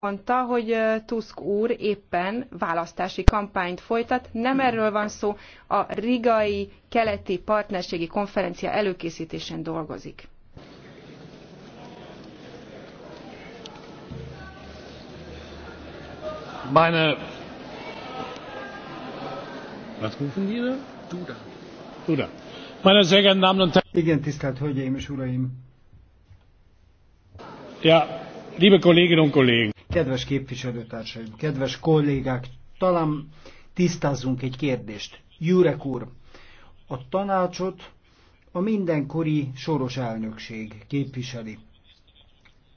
mondta, hogy Tusk úr éppen választási kampányt folytat. Nem erről van szó, a rigai keleti partnerségi konferencia előkészítésén dolgozik. Meine Was rufen die da? Du da. Meine sehr geehrten Damen und Herren. Igen, tisztelt Hölgyeim és Uraim. Ja, Liebe Kolleginnen und Kollegen! Kedves képviselőtársaim, kedves kollégák, talán tisztázzunk egy kérdést. Jurek úr, a tanácsot a mindenkori soros elnökség képviseli.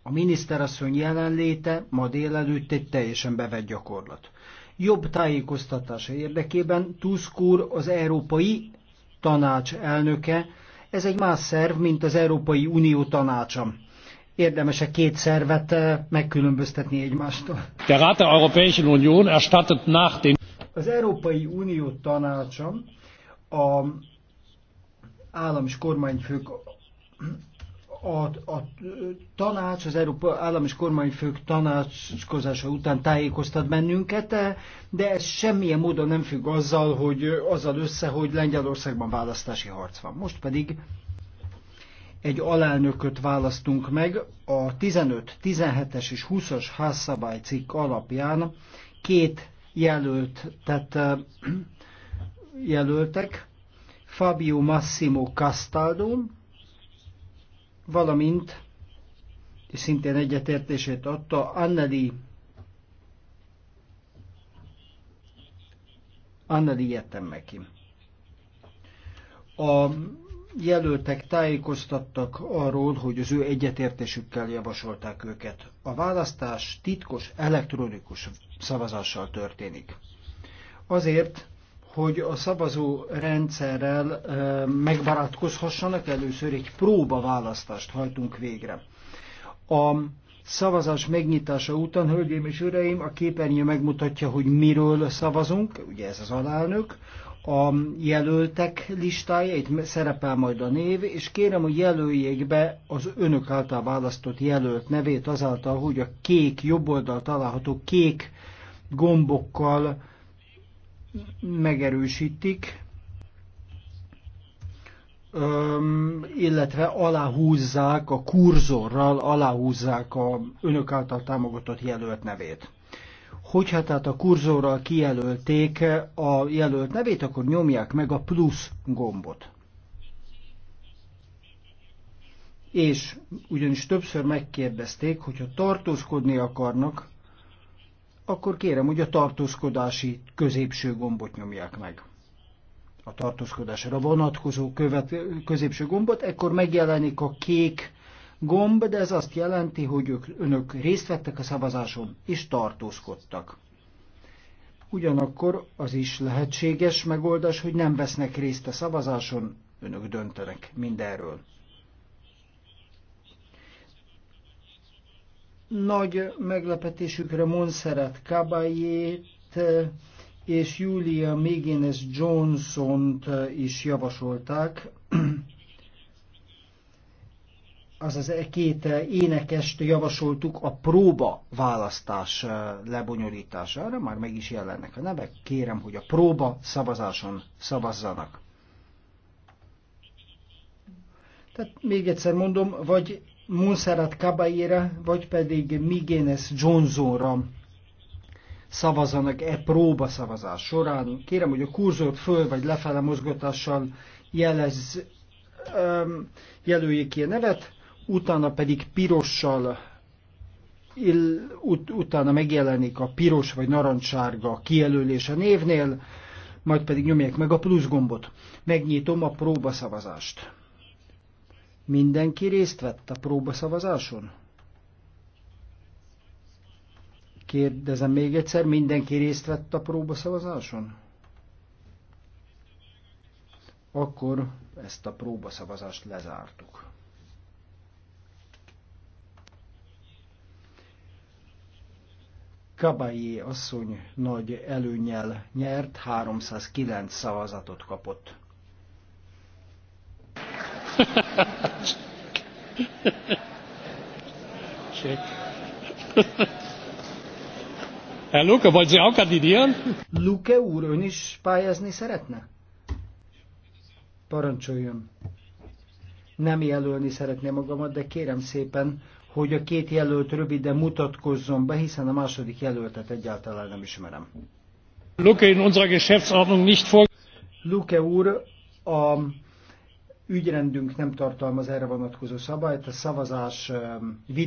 A miniszterasszony jelenléte ma délelőtt egy teljesen bevett gyakorlat. Jobb tájékoztatása érdekében Tusk úr az Európai Tanács elnöke, ez egy más szerv, mint az Európai Unió tanácsa érdemes a -e két szervet eh, megkülönböztetni egymástól. Der Rat der Europäischen Union erstattet nach den az Európai Unió tanácsa a állam és kormányfők a, a tanács, az Európa Állam és Kormányfők tanácskozása után tájékoztat bennünket, eh, de ez semmilyen módon nem függ azzal, hogy azzal össze, hogy Lengyelországban választási harc van. Most pedig egy alelnököt választunk meg a 15, 17-es és 20-as házszabálycikk alapján két jelölt, tehát jelöltek, Fabio Massimo Castaldo, valamint, és szintén egyetértését adta, Anneli Anneli neki. A jelöltek tájékoztattak arról, hogy az ő egyetértésükkel javasolták őket. A választás titkos elektronikus szavazással történik. Azért, hogy a szavazó rendszerrel e, megbarátkozhassanak, először egy próba választást hajtunk végre. A szavazás megnyitása után, hölgyeim és uraim, a képernyő megmutatja, hogy miről szavazunk, ugye ez az alelnök, a jelöltek listája, itt szerepel majd a név, és kérem, hogy jelöljék be az önök által választott jelölt nevét azáltal, hogy a kék, jobb oldal található kék gombokkal megerősítik, Öm, illetve aláhúzzák a kurzorral, aláhúzzák a önök által támogatott jelölt nevét. Hogyha tehát a kurzorral kijelölték eh, a jelölt nevét, akkor nyomják meg a plusz gombot. És ugyanis többször megkérdezték, hogyha tartózkodni akarnak, akkor kérem, hogy a tartózkodási középső gombot nyomják meg. A tartózkodásra vonatkozó követ, középső gombot, ekkor megjelenik a kék gomb, de ez azt jelenti, hogy ők, önök részt vettek a szavazáson és tartózkodtak. Ugyanakkor az is lehetséges megoldás, hogy nem vesznek részt a szavazáson, önök döntenek mindenről. Nagy meglepetésükre Monserrat Kabayét és Julia Mégénes Johnson-t is javasolták, azaz e két énekest javasoltuk a próba választás e, lebonyolítására, már meg is jelennek a nevek, kérem, hogy a próba szavazáson szavazzanak. Tehát még egyszer mondom, vagy Monserrat Caballera, vagy pedig Migénes Johnsonra szavazzanak e próba szavazás során. Kérem, hogy a kurzort föl vagy lefele mozgatással jelez, jelöljék ki a nevet, utána pedig pirossal, ill, ut, utána megjelenik a piros vagy narancssárga kijelölés a névnél, majd pedig nyomják meg a plusz gombot. Megnyitom a próbaszavazást. Mindenki részt vett a próbaszavazáson? Kérdezem még egyszer, mindenki részt vett a próbaszavazáson? Akkor ezt a próbaszavazást lezártuk. Kabayé asszony nagy előnyel nyert, 309 szavazatot kapott. Herr Luke, vagy Sie akadidian? Luke úr, ön is pályázni szeretne? Parancsoljon. Nem jelölni szeretné magamat, de kérem szépen, hogy a két jelölt röviden mutatkozzon be, hiszen a második jelöltet egyáltalán nem ismerem. Luke in unserer Geschäftsordnung nicht vor... Luke úr, a ügyrendünk nem tartalmaz erre vonatkozó szabályt, a szavazás ehm, vit